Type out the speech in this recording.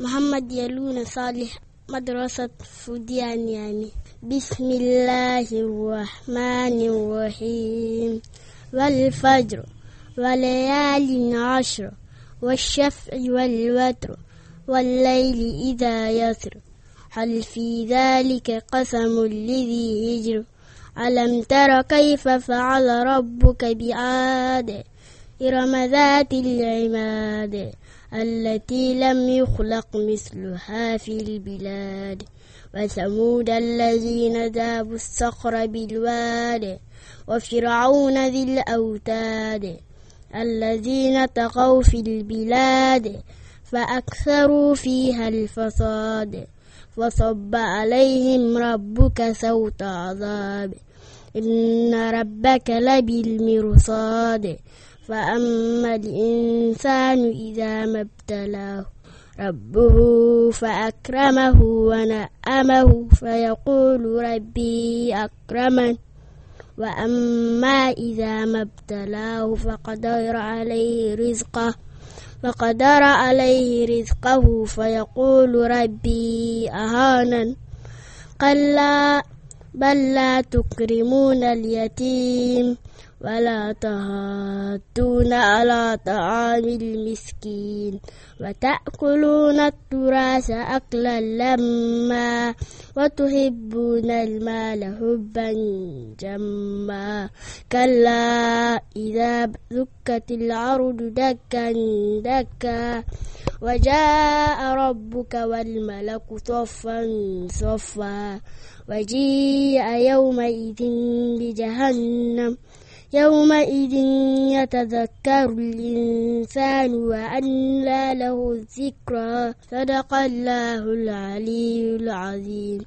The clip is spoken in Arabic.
محمد يلون صالح مدرسة فوديان يعني بسم الله الرحمن الرحيم والفجر وليال عشر والشفع والوتر والليل إذا يسر هل في ذلك قسم الذي هجر ألم تر كيف فعل ربك بعاد إرم ذات العماد التي لم يخلق مثلها في البلاد وثمود الذين ذابوا الصخر بالواد وفرعون ذي الأوتاد الذين تقوا في البلاد فأكثروا فيها الفساد فصب عليهم ربك سوط عذاب إن ربك لبالمرصاد فأما الإنسان إذا ما ابتلاه ربه فأكرمه ونأمه فيقول ربي أكرمن وأما إذا ما ابتلاه فقدر عليه رزقه فقدر عليه رزقه فيقول ربي أهانن قَلَّا بل لا تكرمون اليتيم ولا تهاتون على طعام المسكين وتأكلون التراث أكلا لما وتحبون المال حبا جما كلا إذا دكت العرض دكا دكا وجاء ربك والملك صفا صفا وجيء يومئذ بجهنم يومئذ يتذكر الإنسان وأنى له الذكرى صدق الله العلي العظيم